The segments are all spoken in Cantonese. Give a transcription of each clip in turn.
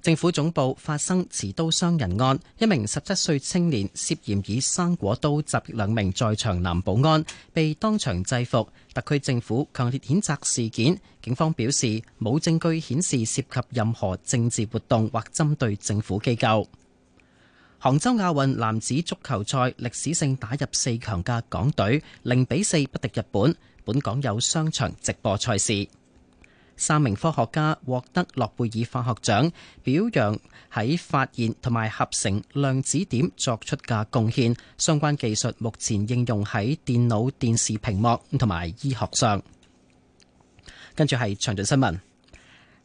政府總部發生持刀傷人案，一名十七歲青年涉嫌以生果刀襲擊兩名在場男保安，被當場制服。特區政府強烈譴責事件。警方表示冇證據顯示涉及任何政治活動或針對政府機構。杭州亞運男子足球賽歷史性打入四強嘅港隊，零比四不敵日本。本港有商場直播賽事。三名科學家獲得諾貝爾化學獎，表揚喺發現同埋合成量子點作出嘅貢獻。相關技術目前應用喺電腦、電視屏幕同埋醫學上。跟住係詳盡新聞。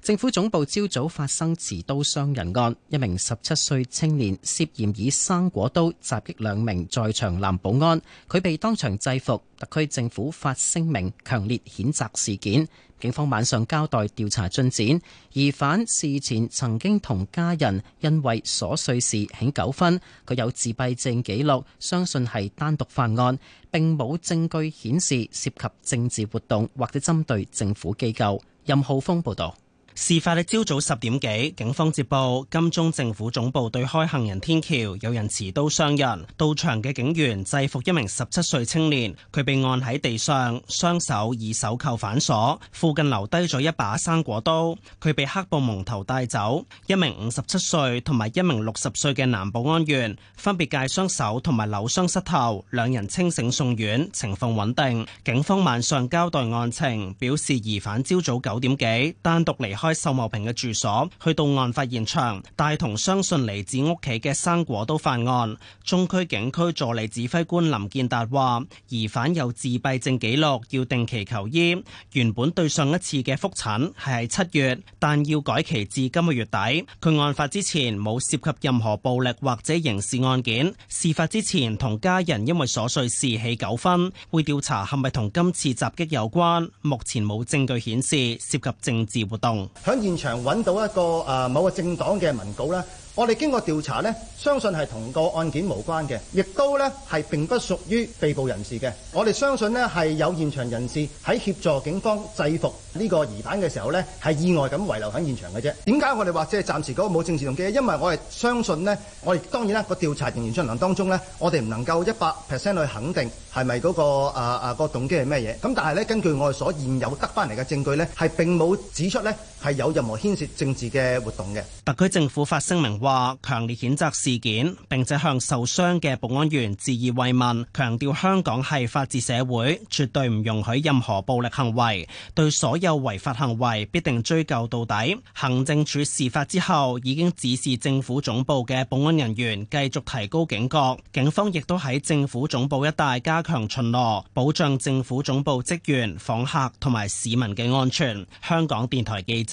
政府總部朝早發生持刀傷人案，一名十七歲青年涉嫌以生果刀襲擊兩名在場男保安，佢被當場制服。特區政府發聲明，強烈譴責事件。警方晚上交代調查進展。疑犯事前曾經同家人因為瑣碎事起糾紛，佢有自閉症記錄，相信係單獨犯案，並冇證據顯示涉及政治活動或者針對政府機構。任浩峰報道。事發喺朝早十點幾，警方接報金鐘政府總部對開行人天橋有人持刀傷人，到場嘅警員制服一名十七歲青年，佢被按喺地上，雙手以手扣反鎖，附近留低咗一把生果刀，佢被黑布蒙頭帶走。一名五十七歲同埋一名六十歲嘅男保安員分別 𠝹 雙手同埋扭傷膝頭，兩人清醒送院，情況穩定。警方晚上交代案情，表示疑犯朝早九點幾單獨離開。開秀茂坪嘅住所，去到案發現場。大同相信嚟自屋企嘅生果都犯案。中區警區助理指揮官林建達話，疑犯有自閉症記錄，要定期求醫。原本對上一次嘅覆診係喺七月，但要改期至今個月底。佢案發之前冇涉及任何暴力或者刑事案件。事發之前同家人因為瑣碎事起糾紛，會調查係咪同今次襲擊有關。目前冇證據顯示涉及政治活動。喺現場揾到一個誒、呃、某個政黨嘅文稿咧，我哋經過調查咧，相信係同個案件無關嘅，亦都咧係並不屬於被捕人士嘅。我哋相信呢係有現場人士喺協助警方制服呢個疑犯嘅時候咧，係意外咁遺留喺現場嘅啫。點解我哋話即係暫時嗰個冇政治動機？因為我係相信呢，我哋當然啦，個調查人員進行當中咧，我哋唔能夠一百 percent 去肯定係咪嗰個誒誒、呃嗰個動機係咩嘢。咁但係咧，根據我哋所現有得翻嚟嘅證據咧，係並冇指出咧，係有任何牽涉政治嘅活動嘅。特區政府發聲明話強烈譴責事件，並且向受傷嘅保安員致以慰問，強調香港係法治社會，絕對唔容許任何暴力行為，對所有違法行為必定追究到底。行政署事發之後，已經指示政府總部嘅保安人員繼續提高警覺，警方亦都喺政府總部一帶加強巡邏，保障政府總部職員訪客同埋市民嘅安全。香港電台記者。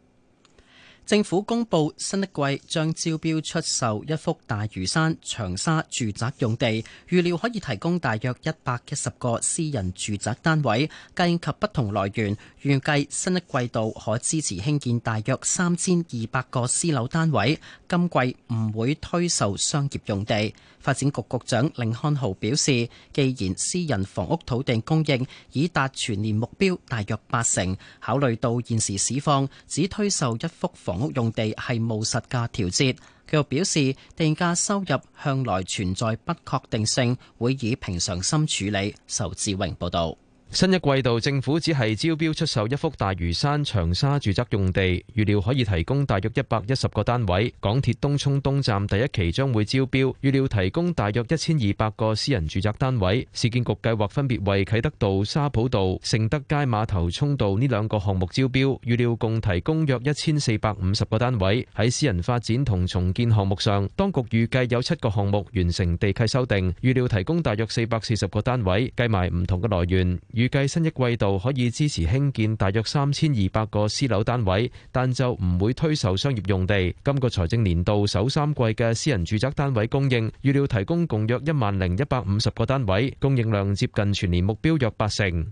政府公布新一季將招標出售一幅大嶼山長沙住宅用地，預料可以提供大約一百一十個私人住宅單位，計及不同來源，預計新一季度可支持興建大約三千二百個私樓單位。今季唔會推售商業用地。發展局局長甯漢豪表示，既然私人房屋土地供應已達全年目標大約八成，考慮到現時市況，只推售一幅房屋用地係冇實價調節，佢又表示地價收入向來存在不確定性，會以平常心處理。仇志榮報道。新一季度政府只係招標出售一幅大嶼山長沙住宅用地，預料可以提供大約一百一十個單位。港鐵東涌東站第一期將會招標，預料提供大約一千二百個私人住宅單位。市建局計劃分別為啟德道、沙浦道、盛德街、碼頭涌道呢兩個項目招標，預料共提供約一千四百五十個單位。喺私人發展同重建項目上，當局預計有七個項目完成地契修訂，預料提供大約四百四十個單位，計埋唔同嘅來源，預計新一季度可以支持興建大約三千二百個私樓單位，但就唔會推售商業用地。今個財政年度首三季嘅私人住宅單位供應，預料提供共約一萬零一百五十個單位，供應量接近全年目標約八成。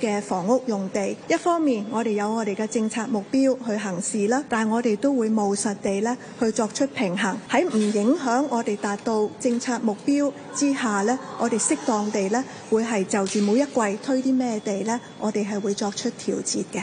嘅房屋用地，一方面我哋有我哋嘅政策目標去行事啦，但係我哋都會務實地咧去作出平衡，喺唔影響我哋達到政策目標之下咧，我哋適當地咧會係就住每一季推啲咩地咧，我哋係會作出調節嘅。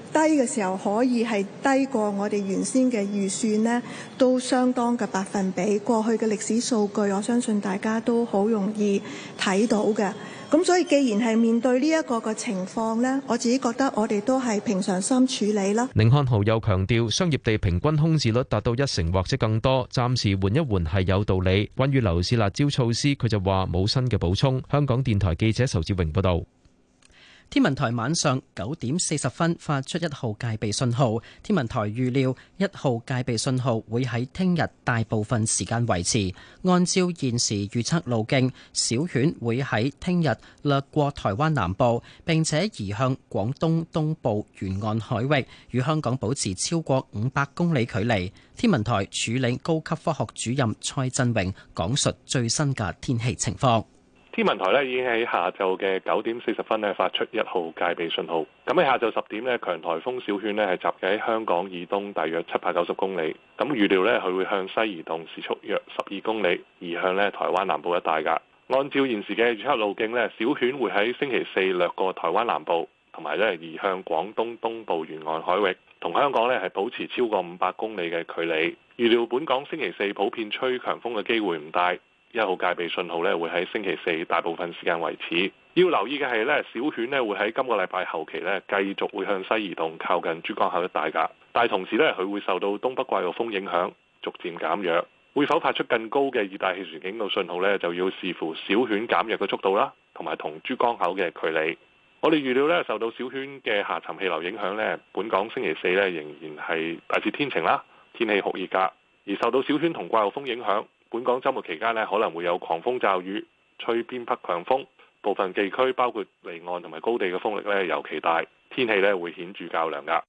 低嘅時候可以係低過我哋原先嘅預算呢，都相當嘅百分比。過去嘅歷史數據我相信大家都好容易睇到嘅。咁所以，既然係面對呢一個嘅情況呢，我自己覺得我哋都係平常心處理啦。寧漢豪又強調商業地平均空置率達到一成或者更多，暫時緩一緩係有道理。關於樓市辣招措施，佢就話冇新嘅補充。香港電台記者仇志榮報道。天文台晚上九點四十分發出一號戒備信號。天文台預料一號戒備信號會喺聽日大部分時間維持。按照現時預測路徑，小犬會喺聽日掠過台灣南部，並且移向廣東東部沿岸海域，與香港保持超過五百公里距離。天文台處理高級科學主任蔡振榮講述最新嘅天氣情況。天文台呢已經喺下晝嘅九點四十分呢發出一號戒備信號。咁喺下晝十點呢，強颱風小犬呢係集喺香港以東大約七百九十公里。咁預料呢，佢會向西移動，時速約十二公里，移向呢台灣南部一帶㗎。按照現時嘅預測路徑呢，小犬會喺星期四掠過台灣南部，同埋呢移向廣東東部沿岸海域，同香港呢係保持超過五百公里嘅距離。預料本港星期四普遍吹強風嘅機會唔大。一號戒備信號呢，會喺星期四大部分時間維持。要留意嘅係呢，小犬呢會喺今個禮拜後期呢繼續會向西移動，靠近珠江口一帶嘅。但係同時呢，佢會受到東北季候風影響，逐漸減弱。會否發出更高嘅熱帶氣旋警告信號呢，就要視乎小犬減弱嘅速度啦，同埋同珠江口嘅距離。我哋預料呢，受到小犬嘅下沉氣流影響呢，本港星期四呢仍然係大致天晴啦，天氣酷熱㗎。而受到小犬同季候風影響。本港周末期間咧，可能會有狂風驟雨、吹偏北強風，部分地區包括離岸同埋高地嘅風力咧，尤其大，天氣咧會顯著較涼噶。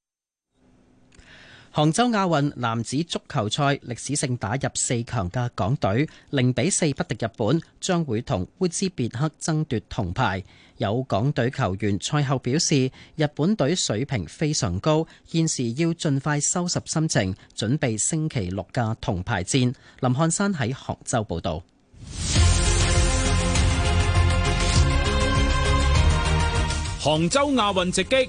杭州亞運男子足球賽歷史性打入四強嘅港隊，零比四不敵日本，將會同烏茲別克爭奪銅牌。有港隊球員賽後表示，日本隊水平非常高，現時要盡快收拾心情，準備星期六嘅銅牌戰。林漢山喺杭州報道。杭州亞運直擊。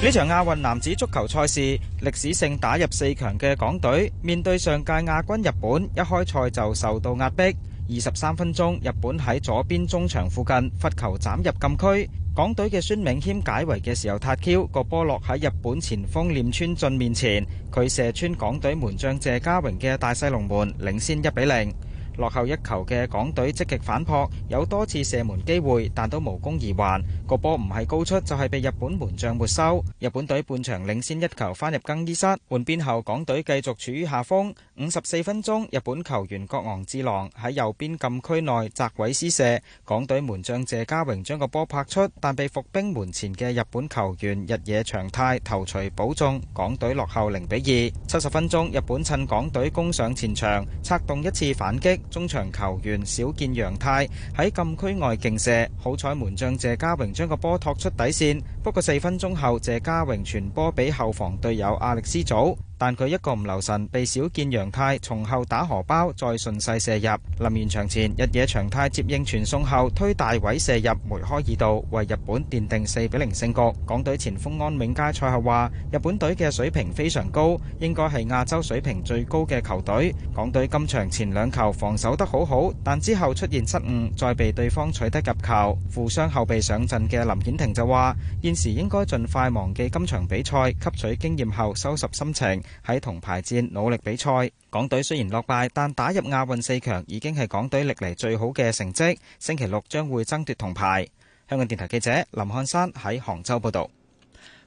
呢場亞運男子足球賽事，歷史性打入四強嘅港隊，面對上屆亞軍日本，一開賽就受到壓迫，二十三分鐘，日本喺左邊中場附近罰球斬入禁區，港隊嘅孫銘謙解圍嘅時候撻 Q 個波落喺日本前鋒念村進面前，佢射穿港隊門將謝家榮嘅大細龍門，領先一比零。落後一球嘅港隊積極反撲，有多次射門機會，但都無功而還。個波唔係高出，就係被日本門將沒收。日本隊半場領先一球，返入更衣室換邊後，港隊繼續處於下風。五十四分鐘，日本球員國昂志郎喺右邊禁區內窄位施射，港隊門將謝家榮將個波拍出，但被伏兵門前嘅日本球員日野長泰頭槌補中，港隊落後零比二。七十分鐘，日本趁港隊攻上前場，策動一次反擊，中場球員小見洋泰喺禁區外勁射，好彩門將謝家榮將個波托出底線。不過四分鐘後，謝家榮傳波俾後防隊友阿力斯祖。但佢一個唔留神，被小見洋太從後打荷包，再順勢射入。臨完場前，日野長太接應傳送後推大位射入，梅開二度，為日本奠定四比零勝局。港隊前鋒安永佳賽後話：日本隊嘅水平非常高，應該係亞洲水平最高嘅球隊。港隊今場前兩球防守得好好，但之後出現失誤，再被對方取得入球。負傷後被上陣嘅林顯婷就話：現時應該盡快忘記今場比賽，吸取經驗後收拾心情。喺銅牌戰努力比賽，港隊雖然落敗，但打入亞運四強已經係港隊歷嚟最好嘅成績。星期六將會爭奪銅牌。香港電台記者林漢山喺杭州報導。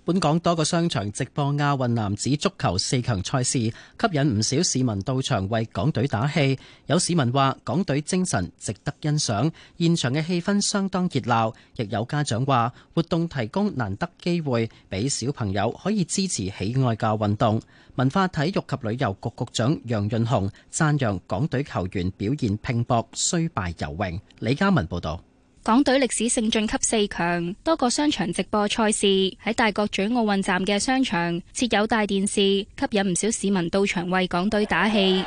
本港多個商場直播亞運男子足球四強賽事，吸引唔少市民到場為港隊打氣。有市民話：港隊精神值得欣賞，現場嘅氣氛相當熱鬧。亦有家長話：活動提供難得機會俾小朋友可以支持喜愛嘅運動。文化體育及旅遊局局長楊潤雄讚揚港隊球員表現拼搏，雖敗猶榮。李嘉文報道。港隊歷史性晉級四強，多個商場直播賽事，喺大角咀奧運站嘅商場設有大電視，吸引唔少市民到場為港隊打氣。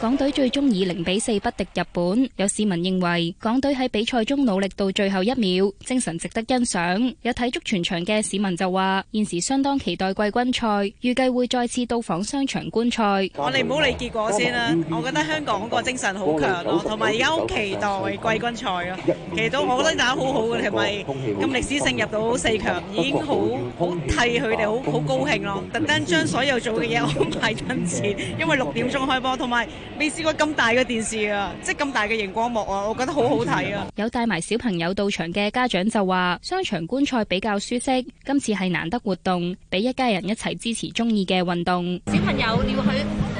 港隊最終以零比四不敵日本，有市民認為港隊喺比賽中努力到最後一秒，精神值得欣賞。有睇足全場嘅市民就話：現時相當期待季軍賽，預計會再次到訪商場觀賽。我哋唔好理結果先啦，我覺得香港個精神好強咯，同埋而家好期待季軍賽啊。其實都我覺得打得好好嘅，係咪咁歷史性入到四強，已經好好替佢哋好好高興咯。特登將所有做嘅嘢好賣真錢，因為六點鐘開波，同埋。未試過咁大嘅電視啊！即係咁大嘅熒光幕啊！我覺得好好睇啊！有帶埋小朋友到場嘅家長就話：商場觀賽比較舒適，今次係難得活動，俾一家人一齊支持鍾意嘅運動。小朋友要去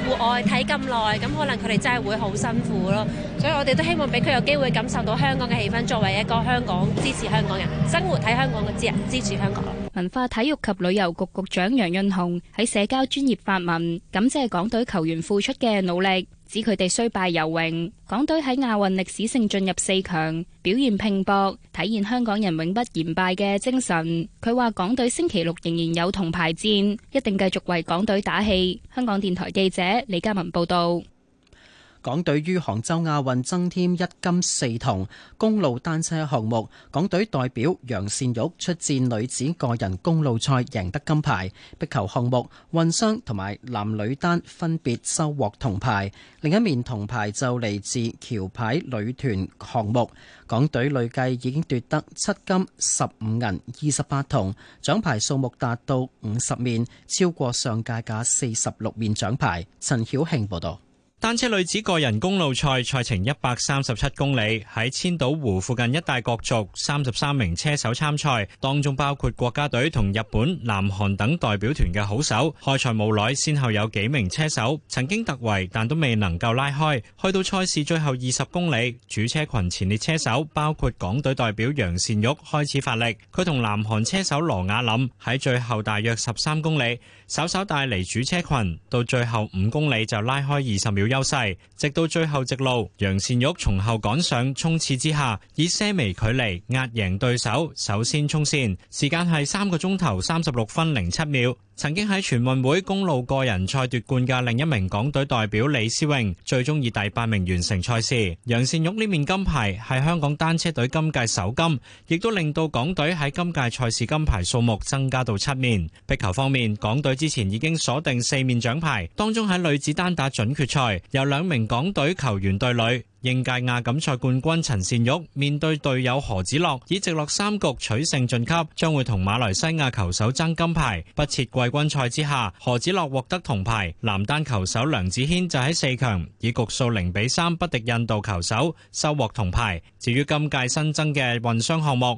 戶外睇咁耐，咁可能佢哋真係會好辛苦咯。所以我哋都希望俾佢有機會感受到香港嘅氣氛，作為一個香港支持香港人生活喺香港嘅人，支持香港。文化體育及旅遊局局長楊潤雄喺社交專業發文感謝港隊球員付出嘅努力。指佢哋雖敗猶榮，港隊喺亞運歷史性進入四強，表現拼搏，體現香港人永不言敗嘅精神。佢話港隊星期六仍然有銅牌戰，一定繼續為港隊打氣。香港電台記者李嘉文報道。港隊於杭州亞運增添一金四銅，公路單車項目港隊代表楊善玉出戰女子個人公路賽，贏得金牌；壁球項目混雙同埋男女單分別收穫銅牌，另一面銅牌就嚟自橋牌女團項目。港隊累計已經奪得七金十五銀二十八銅，獎牌數目達到五十面，超過上屆嘅四十六面獎牌。陳曉慶報道。單車女子個人公路賽賽程一百三十七公里，喺千島湖附近一帶角逐，三十三名車手參賽，當中包括國家隊同日本、南韓等代表團嘅好手。開賽冇耐，先後有幾名車手曾經突圍，但都未能夠拉開。去到賽事最後二十公里，主車群前列車手包括港隊代表楊善玉開始發力，佢同南韓車手羅雅林喺最後大約十三公里，稍稍帶離主車群，到最後五公里就拉開二十秒優勢，直到最後直路，楊善玉從後趕上衝刺之下，以些微距離壓贏對手，首先衝線，時間係三個鐘頭三十六分零七秒。曾經喺全運會公路個人賽奪冠嘅另一名港隊代表李思穎，最終以第八名完成賽事。楊善玉呢面金牌係香港單車隊今屆首金，亦都令到港隊喺今屆賽事金牌數目增加到七面。壁球方面，港隊之前已經鎖定四面獎牌，當中喺女子單打準決賽由兩名港隊球員對壘。應屆亞錦賽冠軍陳善玉面對隊友何子樂，以直落三局取勝晉級，將會同馬來西亞球手爭金牌。不設季軍賽之下，何子樂獲得銅牌。男單球手梁子軒就喺四強以局數零比三不敵印度球手，收穫銅牌。至於今屆新增嘅混雙項目。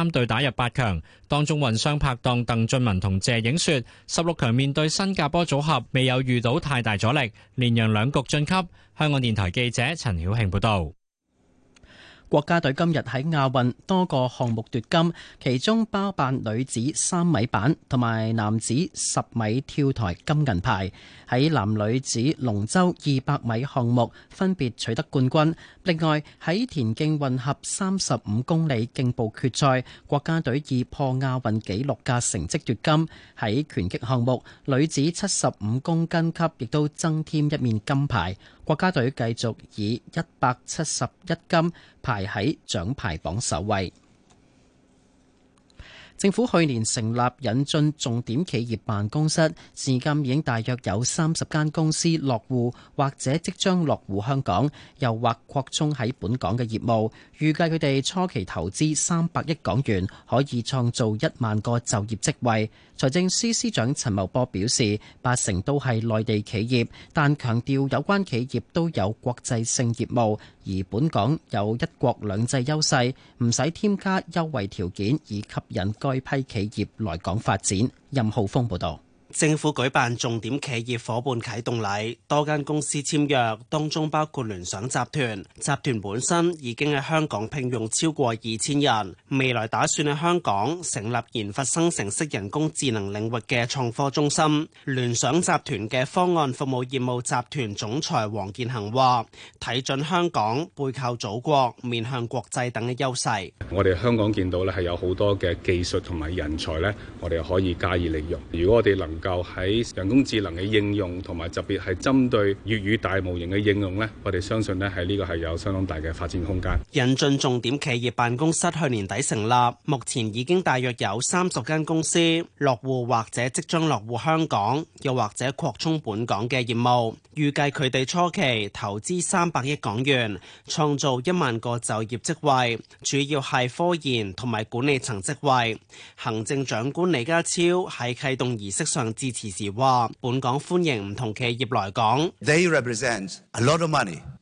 三隊打入八強，當中混雙拍檔鄧俊文同謝影雪，十六強面對新加坡組合未有遇到太大阻力，連贏兩局晉級。香港電台記者陳曉慶報道，國家隊今日喺亞運多個項目奪金，其中包辦女子三米板同埋男子十米跳台金銀牌。喺男女子龍舟二百米項目分別取得冠軍。另外，喺田徑混合三十五公里競步決賽，國家隊以破亞運紀錄嘅成績奪金。喺拳擊項目，女子七十五公斤級亦都增添一面金牌。國家隊繼續以一百七十一金排喺獎牌榜首位。政府去年成立引進重點企業辦公室，至今已經大約有三十間公司落戶或者即將落戶香港，又或擴充喺本港嘅業務。預計佢哋初期投資三百億港元，可以創造一萬個就業職位。財政司司長陳茂波表示，八成都係內地企業，但強調有關企業都有國際性業務，而本港有一國兩制優勢，唔使添加優惠條件以吸引該批企業來港發展。任浩峰報導。政府舉辦重點企業夥伴啟動禮，多間公司簽約，當中包括聯想集團。集團本身已經喺香港聘用超過二千人，未來打算喺香港成立研發生成式人工智能領域嘅創科中心。聯想集團嘅方案服務業務集團總裁黃建恆話，睇準香港背靠祖國、面向國際等嘅優勢。我哋香港見到咧，係有好多嘅技術同埋人才咧，我哋可以加以利用。如果我哋能就喺人工智能嘅應用同埋，特別係針對粵語大模型嘅應用咧，我哋相信咧喺呢個係有相當大嘅發展空間。引進重點企業辦公室去年底成立，目前已經大約有三十間公司落戶或者即將落戶香港，又或者擴充本港嘅業務，預計佢哋初期投資三百億港元，創造一萬個就業職位，主要係科研同埋管理層職位。行政長官李家超喺啟動儀式上。支持時話，本港歡迎唔同企業來港，They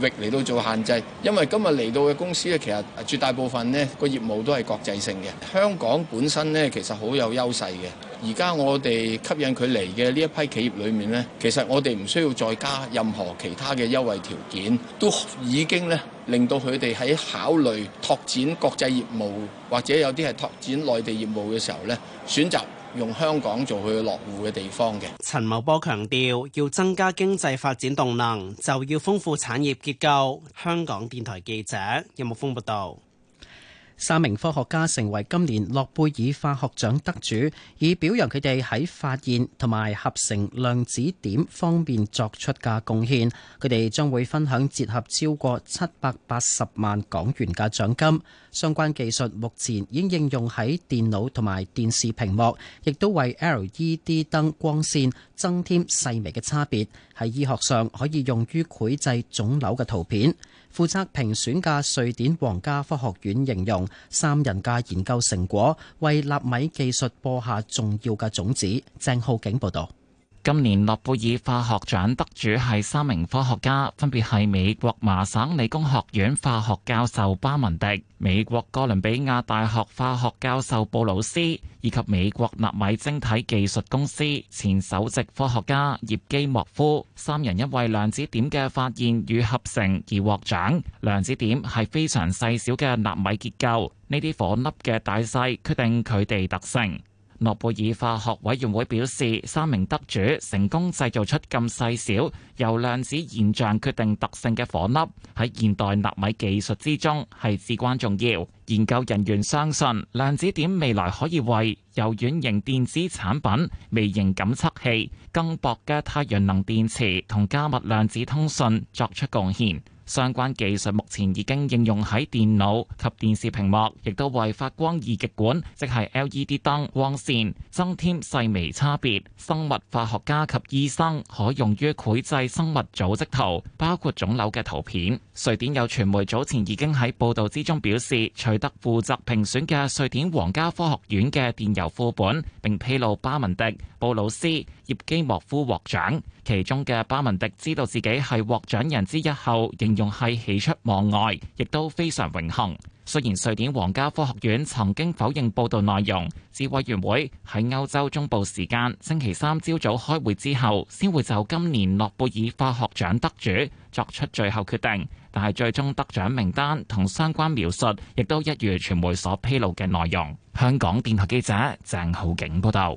域嚟到做限制。因為今日嚟到嘅公司咧，其實絕大部分呢個業務都係國際性嘅。香港本身呢，其實好有優勢嘅。而家我哋吸引佢嚟嘅呢一批企業裏面呢，其實我哋唔需要再加任何其他嘅優惠條件，都已經呢令到佢哋喺考慮拓展國際業務或者有啲係拓展內地業務嘅時候呢選擇。用香港做佢落戶嘅地方嘅。陳茂波強調，要增加經濟發展動能，就要豐富產業結構。香港電台記者任木風報道。三名科學家成為今年諾貝爾化學獎得主，以表揚佢哋喺發現同埋合成量子點方面作出嘅貢獻。佢哋將會分享折合超過七百八十萬港元嘅獎金。相關技術目前已經應用喺電腦同埋電視屏幕，亦都為 LED 燈光線增添細微嘅差別，喺醫學上可以用於繪製腫瘤嘅圖片。負責評選嘅瑞典皇家科學院形容三人嘅研究成果，為納米技術播下重要嘅種子。鄭浩景報導。今年諾貝爾化學獎得主係三名科學家，分別係美國麻省理工學院化學教授巴文迪、美國哥倫比亞大學化學教授布魯斯，以及美國納米晶體技術公司前首席科學家葉基莫夫。三人因為量子點嘅發現與合成而獲獎。量子點係非常細小嘅納米結構，呢啲顆粒嘅大細決定佢哋特性。諾貝爾化學委員會表示，三名得主成功製造出咁細小、由量子現象決定特性嘅顆粒，喺現代納米技術之中係至關重要。研究人員相信，量子點未來可以為柔軟型電子產品、微型感測器、更薄嘅太陽能電池同加密量子通訊作出貢獻。相關技術目前已經應用喺電腦及電視屏幕，亦都為發光二極管，即係 LED 燈、光線增添細微差別。生物化學家及醫生可用於繪製生物組織圖，包括腫瘤嘅圖片。瑞典有傳媒早前已經喺報導之中表示，取得負責評選嘅瑞典皇家科學院嘅電郵副本，並披露巴文迪、布魯斯。葉基莫夫獲獎，其中嘅巴文迪知道自己係獲獎人之一後，形容係喜出望外，亦都非常榮幸。雖然瑞典皇家科學院曾經否認報道內容，自委員會喺歐洲中部時間星期三朝早開會之後，先會就今年諾貝爾化學獎得主作出最後決定，但係最終得獎名單同相關描述，亦都一如傳媒所披露嘅內容。香港電台記者鄭浩景報道。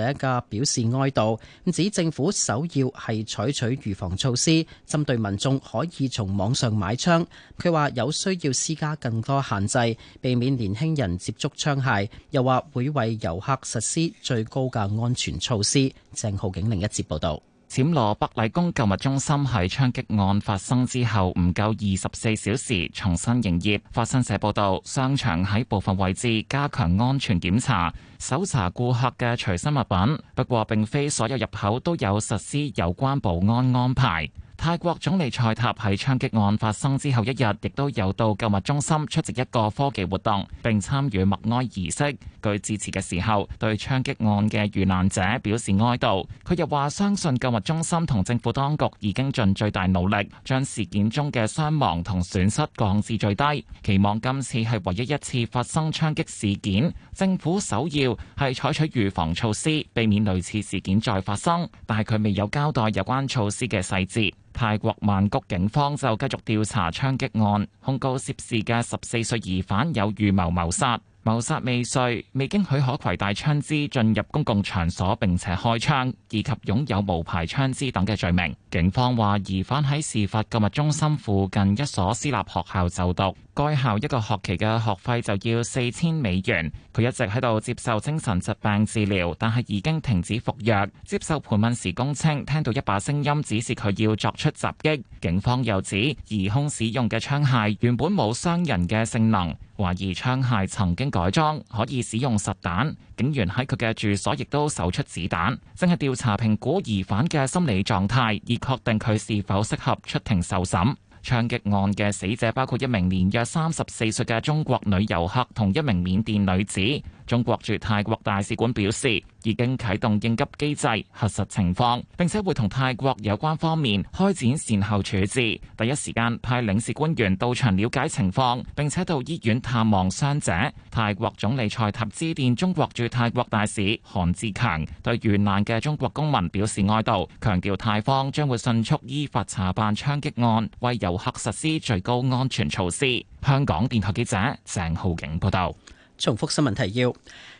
第一個表示哀悼，指政府首要係採取預防措施，針對民眾可以從網上買槍。佢話有需要施加更多限制，避免年輕人接觸槍械，又話會為遊客實施最高嘅安全措施。鄭浩景另一節報道。暹羅北麗宮購物中心喺槍擊案發生之後，唔夠二十四小時重新營業。法新社報道，商場喺部分位置加強安全檢查，搜查顧客嘅隨身物品。不過，並非所有入口都有實施有關保安安排。泰國總理蔡塔喺槍擊案發生之後一日，亦都有到購物中心出席一個科技活動，並參與默哀儀式。據致辭嘅時候，對槍擊案嘅遇難者表示哀悼。佢又話相信購物中心同政府當局已經盡最大努力，將事件中嘅傷亡同損失降至最低。期望今次係唯一一次發生槍擊事件，政府首要係採取預防措施，避免類似事件再發生。但係佢未有交代有關措施嘅細節。泰國曼谷警方就繼續調查槍擊案，控告涉事嘅十四歲疑犯有預謀謀殺、謀殺未遂、未經許可攜帶槍支進入公共場所並且開槍以及擁有無牌槍支等嘅罪名。警方話，疑犯喺事發購物中心附近一所私立學校就讀。該校一個學期嘅學費就要四千美元。佢一直喺度接受精神疾病治療，但係已經停止服藥。接受盤問時，供稱聽到一把聲音指示佢要作出襲擊。警方又指疑兇使用嘅槍械原本冇傷人嘅性能，懷疑槍械曾經改裝，可以使用實彈。警員喺佢嘅住所亦都搜出子彈，正係調查評估疑犯嘅心理狀態，以確定佢是否適合出庭受審。槍擊案嘅死者包括一名年約三十四歲嘅中國女遊客同一名緬甸女子。中國駐泰國大使館表示，已經啟動應急機制，核實情況，並且會同泰國有關方面開展善後處置，第一時間派領事官員到場了解情況，並且到醫院探望傷者。泰國總理賽塔致電中國駐泰國大使韓志強，對遇難嘅中國公民表示哀悼，強調泰方將會迅速依法查辦槍擊案，為遊客實施最高安全措施。香港電台記者鄭浩景報道。重複新聞提要：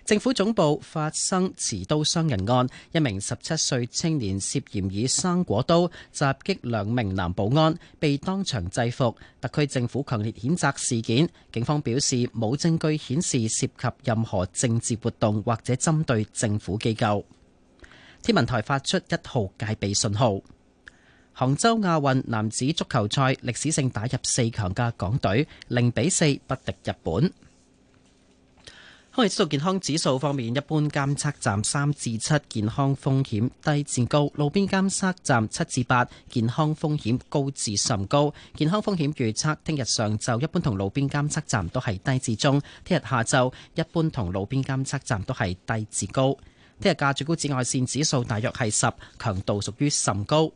政府總部發生持刀傷人案，一名十七歲青年涉嫌以生果刀襲擊兩名男保安，被當場制服。特區政府強烈譴責事件，警方表示冇證據顯示涉及任何政治活動或者針對政府機構。天文台發出一號戒備信號。杭州亞運男子足球賽歷史性打入四強嘅港隊，零比四不敵日本。空氣質素健康指數方面，一般監測站三至七健康風險低至高，路邊監測站七至八健康風險高至甚高。健康風險預測，聽日上晝一般同路邊監測站都係低至中，聽日下晝一般同路邊監測站都係低至高。聽日嘅最高紫外線指數大約係十，強度屬於甚高。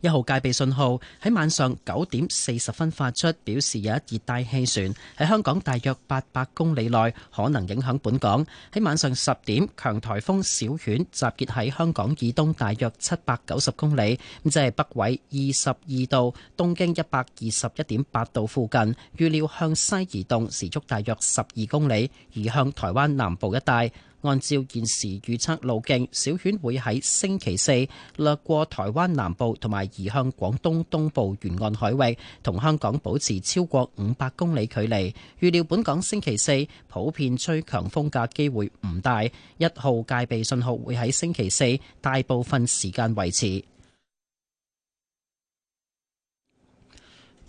一號戒備信號喺晚上九點四十分發出，表示有一熱帶氣旋喺香港大約八百公里內可能影響本港。喺晚上十點，強颱風小犬集結喺香港以東大約七百九十公里，咁即係北緯二十二度、東經一百二十一點八度附近，預料向西移動，時速大約十二公里，移向台灣南部一帶。按照現時預測路徑，小犬會喺星期四掠過台灣南部，同埋移向廣東東部沿岸海域，同香港保持超過五百公里距離。預料本港星期四普遍吹強風嘅機會唔大，一號戒備信號會喺星期四大部分時間維持。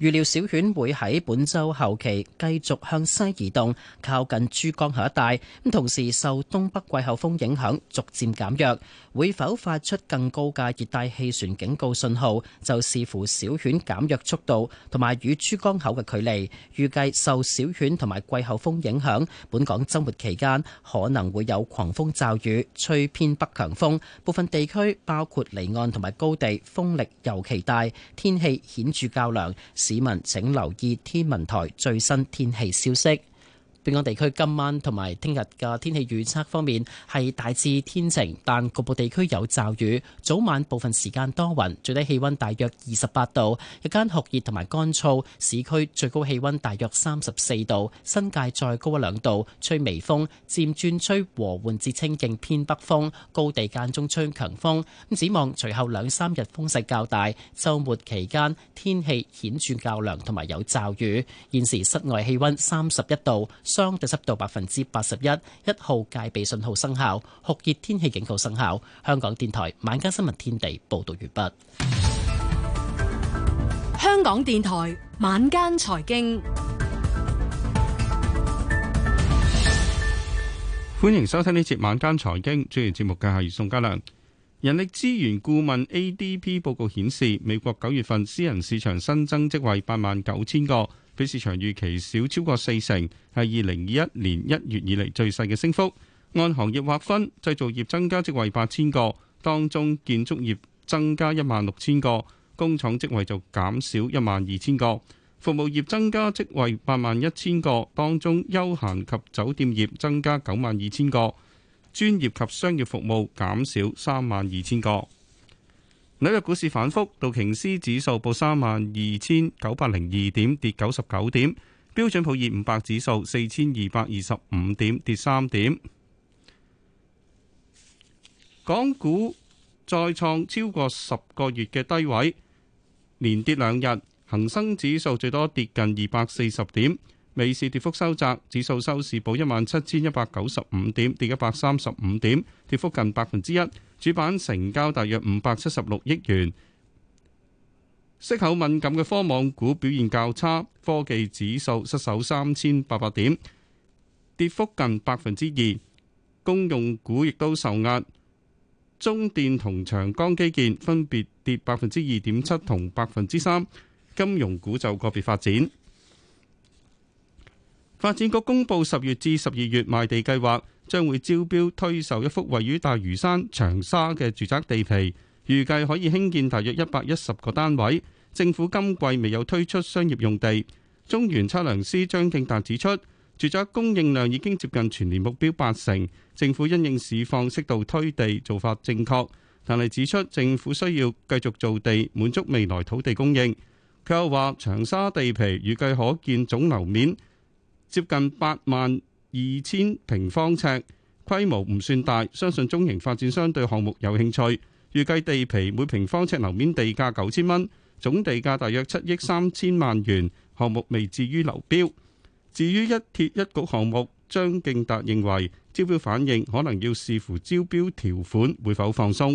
預料小犬會喺本週後期繼續向西移動，靠近珠江口一帶。咁同時受東北季候風影響逐漸減弱，會否發出更高嘅熱帶氣旋警告信號，就視乎小犬減弱速度同埋與珠江口嘅距離。預計受小犬同埋季候風影響，本港周末期間可能會有狂風驟雨、吹偏北強風，部分地區包括離岸同埋高地風力尤其大，天氣顯著較涼。市民請留意天文台最新天氣消息。本港地區今晚同埋聽日嘅天氣預測方面係大致天晴，但局部地區有驟雨。早晚部分時間多雲，最低氣温大約二十八度，日間酷熱同埋乾燥。市區最高氣温大約三十四度，新界再高一兩度。吹微風，漸轉吹和緩至清勁偏北風，高地間中吹強風。咁展望隨後兩三日風勢較大，週末期間天氣顯著較涼同埋有驟雨。現時室外氣温三十一度。相對濕度百分之八十一，一號戒備信號生效，酷熱天氣警告生效。香港電台晚間新聞天地報道完畢。香港電台晚間財經，歡迎收聽呢節晚間財經，主持節目嘅係宋嘉良。人力資源顧問 ADP 報告顯示，美國九月份私人市場新增職位八萬九千個。比市場預期少超過四成，係二零二一年一月以嚟最細嘅升幅。按行業劃分，製造業增加職位八千個，當中建築業增加一萬六千個，工廠職位就減少一萬二千個。服務業增加職位八萬一千個，當中休閒及酒店業增加九萬二千個，專業及商業服務減少三萬二千個。紐約股市反覆，道瓊斯指數報三萬二千九百零二點，跌九十九點；標準普爾五百指數四千二百二十五點，跌三點。港股再創超過十個月嘅低位，連跌兩日。恒生指數最多跌近二百四十點，尾市跌幅收窄，指數收市報一萬七千一百九十五點，跌一百三十五點，跌幅近百分之一。主板成交大約五百七十六億元，息口敏感嘅科網股表現較差，科技指數失守三千八百點，跌幅近百分之二。公用股亦都受壓，中電同長江基建分別跌百分之二點七同百分之三。金融股就個別發展。發展局公布十月至十二月賣地計劃。將會招標推售一幅位於大嶼山、長沙嘅住宅地皮，預計可以興建大約一百一十個單位。政府今季未有推出商業用地。中原測量師張敬達指出，住宅供應量已經接近全年目標八成，政府因應市況適度推地做法正確，但係指出政府需要繼續造地滿足未來土地供應。佢又話長沙地皮預計可建總樓面接近八萬二千平方尺，規模唔算大，相信中型發展商對項目有興趣。預計地皮每平方尺樓面地價九千蚊，總地價大約七億三千萬元，項目未至於流標。至於一鐵一局項目，張敬達認為招標反應可能要視乎招標條款會否放鬆，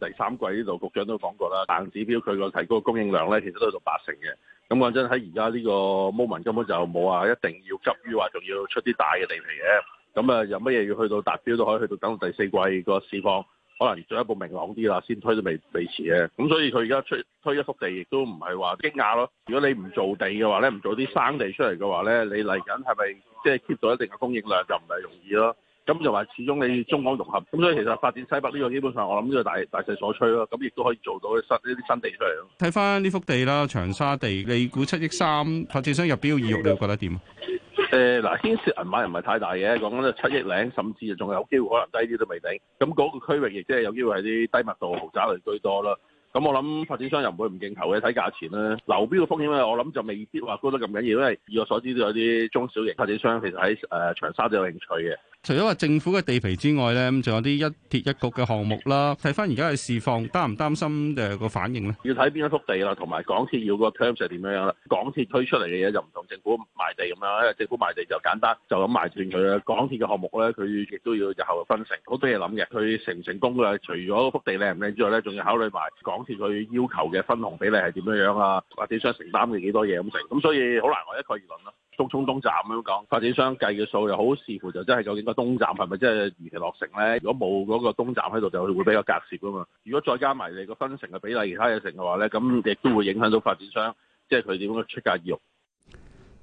第三季呢度局長都講過啦，硬指標佢個提高供應量咧，其實都係到八成嘅。咁講、嗯、真，喺而家呢個 moment 根本就冇話、啊、一定要急於話仲要出啲大嘅地皮嘅，咁、嗯、啊、嗯、有乜嘢要去到達標都可以去到等到第四季個市況可能進一步明朗啲啦，先推都未未遲嘅。咁、嗯、所以佢而家出推一幅地亦都唔係話驚訝咯。如果你唔做地嘅話咧，唔做啲生地出嚟嘅話咧，你嚟緊係咪即係 keep 到一定嘅供應量就唔係容易咯。咁就話，始終你中港融合咁，所以其實發展西北呢個基本上，我諗呢個大大勢所趨咯。咁亦都可以做到新一啲新地出嚟咯。睇翻呢幅地啦，長沙地，你估七億三，發展商入標意欲，你會覺得點？誒嗱、嗯，牽涉、呃、銀碼又唔係太大嘅，講緊就七億零，甚至仲係有機會可能低啲都未定。咁嗰個區域亦即係有機會係啲低密度豪宅類居多啦。咁我諗發展商又唔會唔競投嘅，睇價錢啦。流標嘅風險啊，我諗就未必話高得咁緊要，因為以我所知都有啲中小型發展商其實喺誒、呃、長沙都有興趣嘅。除咗話政府嘅地皮之外咧，咁仲有啲一,一鐵一局嘅項目啦。睇翻而家嘅市況，擔唔擔心誒個反應咧？要睇邊一幅地啦，同埋港鐵要個 terms 係點樣樣啦。港鐵推出嚟嘅嘢就唔同政府賣地咁樣，因為政府賣地就簡單，就咁賣斷佢啦。港鐵嘅項目咧，佢亦都要日後分成好多嘢諗嘅。佢成唔成功嘅，除咗幅地靚唔靚之外咧，仲要考慮埋港鐵佢要求嘅分紅比例係點樣樣啊，或者想承擔嘅幾多嘢咁成。咁所以好難我一概而論咯。東涌東站咁樣講，發展商計嘅數又好，視乎就真係究竟個東站係咪真係如期落成咧？如果冇嗰個東站喺度，就會比較隔蝕噶嘛。如果再加埋你個分成嘅比例，其他嘢成嘅話咧，咁亦都會影響到發展商，即係佢點樣嘅出價意欲。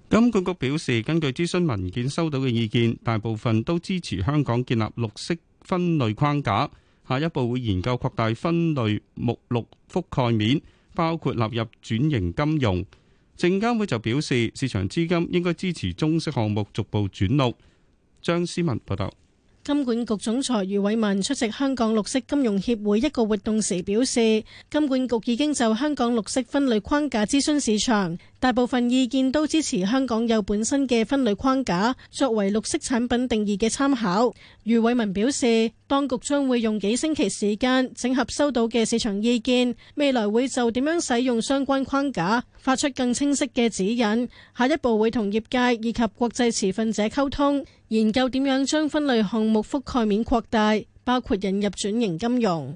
金管局表示，根據諮詢文件收到嘅意見，大部分都支持香港建立綠色分類框架，下一步會研究擴大分類目錄覆蓋面，包括納入轉型金融。證監會就表示，市場資金應該支持中式項目逐步轉綠。張思文報道。金管局總裁余偉文出席香港綠色金融協會一個活動時表示，金管局已經就香港綠色分類框架諮詢市場，大部分意見都支持香港有本身嘅分類框架作為綠色產品定義嘅參考。余偉文表示，當局將會用幾星期時間整合收到嘅市場意見，未來會就點樣使用相關框架發出更清晰嘅指引。下一步會同業界以及國際持份者溝通。研究點樣將分類項目覆蓋面擴大，包括引入轉型金融。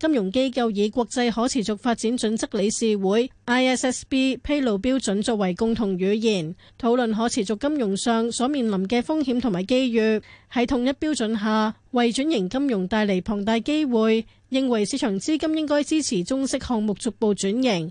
金融機構以國際可持續發展準則理事會 ISSB 披露標準作為共同語言，討論可持續金融上所面臨嘅風險同埋機遇，係統一標準下為轉型金融帶嚟龐大機會，認為市場資金應該支持中式項目逐步轉型。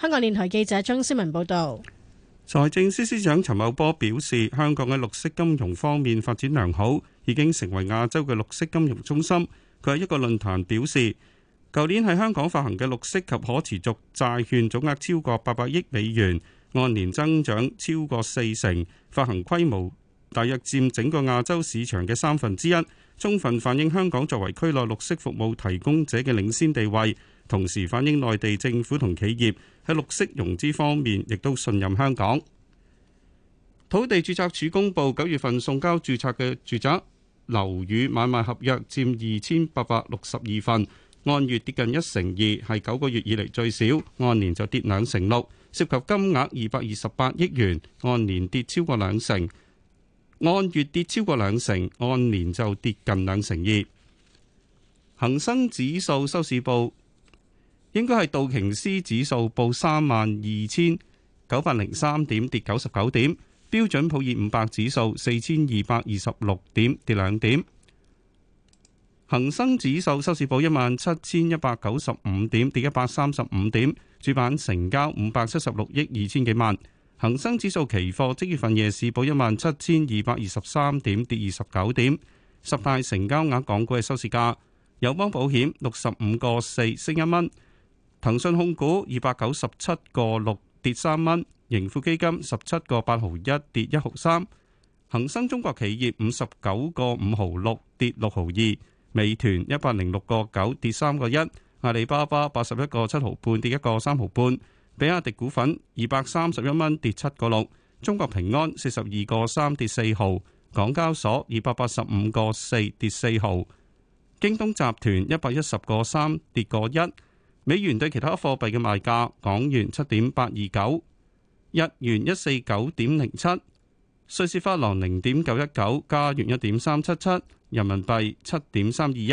香港電台記者張思文報道，財政司司長陳茂波表示，香港嘅綠色金融方面發展良好，已經成為亞洲嘅綠色金融中心。佢喺一個論壇表示，舊年喺香港發行嘅綠色及可持續債券總額超過八百億美元，按年增長超過四成，發行規模大約佔整個亞洲市場嘅三分之一，充分反映香港作為區內綠色服務提供者嘅領先地位，同時反映內地政府同企業。喺綠色融資方面，亦都信任香港。土地註冊處公布九月份送交註冊嘅住宅樓宇買賣合約，佔二千八百六十二份，按月跌近一成二，係九個月以嚟最少，按年就跌兩成六，涉及金額二百二十八億元，按年跌超過兩成，按月跌超過兩成，按年就跌近兩成二。恒生指數收市報。應該係道瓊斯指數報三萬二千九百零三點，跌九十九點；標準普爾五百指數四千二百二十六點，跌兩點；恒生指數收市報一萬七千一百九十五點，跌一百三十五點。主板成交五百七十六億二千幾萬。恒生指數期貨即月份夜市報一萬七千二百二十三點，跌二十九點。十大成交額港股嘅收市價：友邦保險六十五個四升一蚊。騰訊控股二百九十七個六跌三蚊，盈富基金十七個八毫一跌一毫三，恒生中國企業五十九個五毫六跌六毫二，美團一百零六個九跌三個一，阿里巴巴八十一個七毫半跌一個三毫半，比亞迪股份二百三十一蚊跌七個六，中國平安四十二個三跌四毫，港交所二百八十五個四跌四毫，京東集團一百一十個三跌個一。美元對其他貨幣嘅賣價：港元七點八二九，日元一四九點零七，瑞士法郎零點九一九，加元一點三七七，人民幣七點三二一，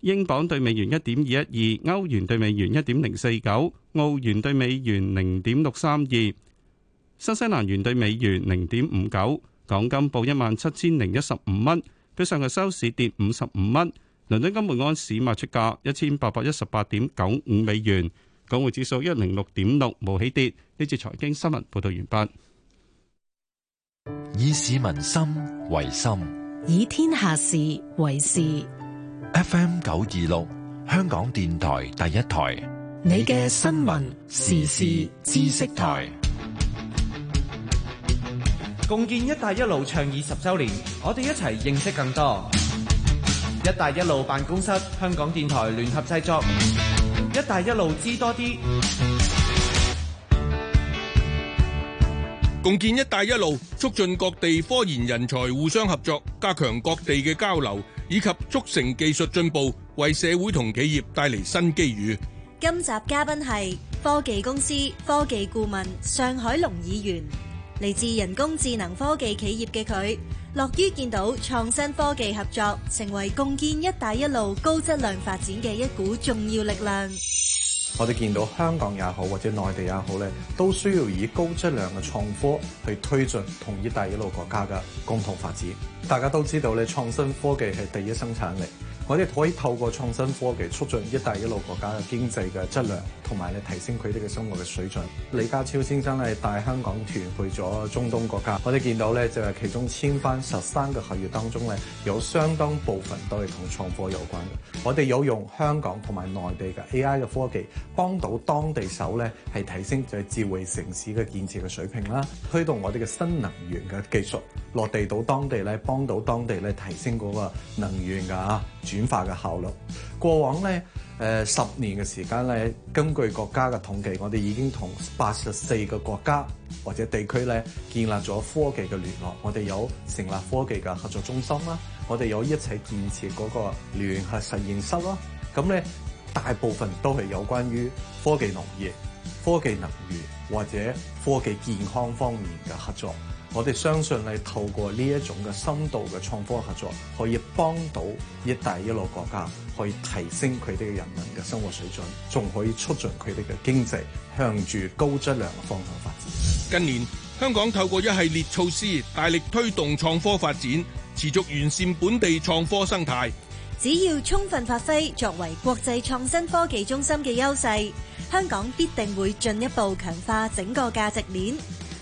英鎊對美元一點二一二，歐元對美元一點零四九，澳元對美元零點六三二，新西蘭元對美元零點五九。港金報一萬七千零一十五蚊，比上日收市跌五十五蚊。倫敦金每安士賣出價一千八百一十八點九五美元，港匯指數一零六點六無起跌。呢次財經新聞報道完畢。以市民心為心，以天下事為事。FM 九二六，香港電台第一台，你嘅新聞時事知識台，共建一帶一路倡議十周年，我哋一齊認識更多。“一帶一路”辦公室，香港電台聯合製作，《一帶一路》知多啲，共建“一帶一路”，促進各地科研人才互相合作，加強各地嘅交流，以及促成技術進步，為社會同企業帶嚟新機遇。今集嘉賓係科技公司科技顧問上海龍議員，嚟自人工智能科技企業嘅佢。樂於見到創新科技合作，成為共建“一帶一路”高質量發展嘅一股重要力量。我哋見到香港也好，或者內地也好咧，都需要以高質量嘅創科去推進同“一帶一路”國家嘅共同發展。大家都知道咧，創新科技係第一生產力。我哋可以透過創新科技促進“一帶一路”國家嘅經濟嘅質量，同埋咧提升佢哋嘅生活嘅水準。李家超先生咧帶香港團去咗中東國家，我哋見到咧就係、是、其中簽返十三個合約，當中咧有相當部分都係同創科有關嘅。我哋有用香港同埋內地嘅 A I 嘅科技，幫到當地手咧係提升就係智慧城市嘅建設嘅水平啦，推動我哋嘅新能源嘅技術落地到當地咧，幫到當地咧提升嗰個能源㗎轉化嘅效率，過往咧，誒、呃、十年嘅時間咧，根據國家嘅統計，我哋已經同八十四個國家或者地區咧建立咗科技嘅聯絡，我哋有成立科技嘅合作中心啦，我哋有一齊建設嗰個聯合實驗室啦，咁咧大部分都係有關於科技農業、科技能源或者科技健康方面嘅合作。我哋相信，係透過呢一種嘅深度嘅創科合作，可以幫到一帶一路國家，可以提升佢哋嘅人民嘅生活水準，仲可以促進佢哋嘅經濟向住高質量嘅方向發展。近年，香港透過一系列措施，大力推動創科發展，持續完善本地創科生態。只要充分發揮作為國際創新科技中心嘅優勢，香港必定會進一步強化整個價值鏈。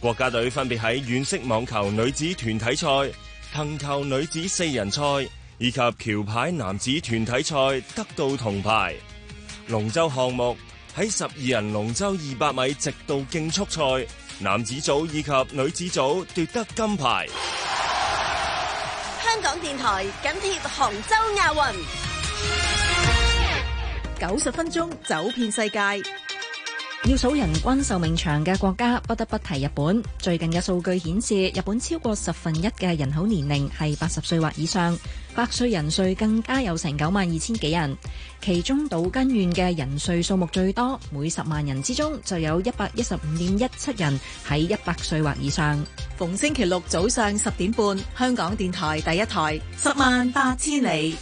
國家隊分別喺軟式網球女子團體賽、藤球女子四人賽以及橋牌男子團體賽得到銅牌。龍舟項目喺十二人龍舟二百米直道競速賽，男子組以及女子組奪得金牌。香港電台緊貼杭州亞運。九十分鐘，走遍世界。要數人均壽命長嘅國家，不得不提日本。最近嘅數據顯示，日本超過十分一嘅人口年齡係八十歲或以上，百歲人數更加有成九萬二千幾人。其中島根縣嘅人數數目最多，每十萬人之中就有一百一十五點一七人喺一百歲或以上。逢星期六早上十點半，香港電台第一台，十萬八千里。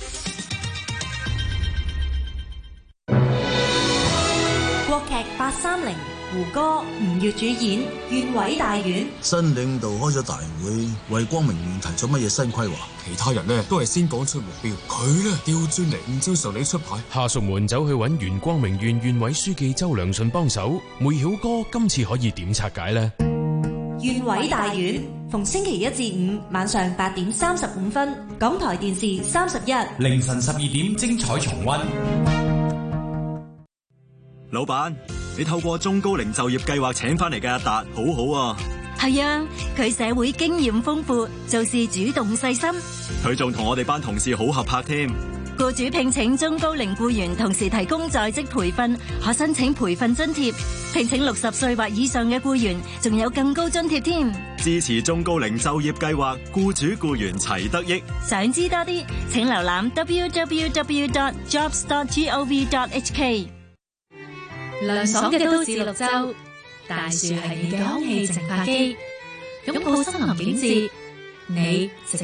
三零胡歌、吳越主演，縣委大院。新領導開咗大會，為光明縣提出乜嘢新規劃？其他人呢，都係先講出目標，佢呢，掉轉嚟，唔招受你出牌。下屬們走去揾原光明縣縣委書記周良順幫手。梅曉歌，今次可以點拆解呢？縣委大院逢星期一至五晚上八點三十五分，港台電視三十一凌晨十二點精彩重温。老闆。你透過中高齡就業計劃請翻嚟嘅阿達，好好啊！係啊，佢社會經驗豐富，做事主動細心。佢仲同我哋班同事好合拍添。僱主聘請中高齡僱員，同時提供在職培訓，可申請培訓津貼。聘請六十歲或以上嘅僱員，仲有更高津貼添。支持中高齡就業計劃，僱主僱員齊得益。想知道多啲，請瀏覽 www.jobs.gov.hk。涼爽嘅都市綠洲，大樹係你嘅空氣淨化機，擁抱森林景致，你直。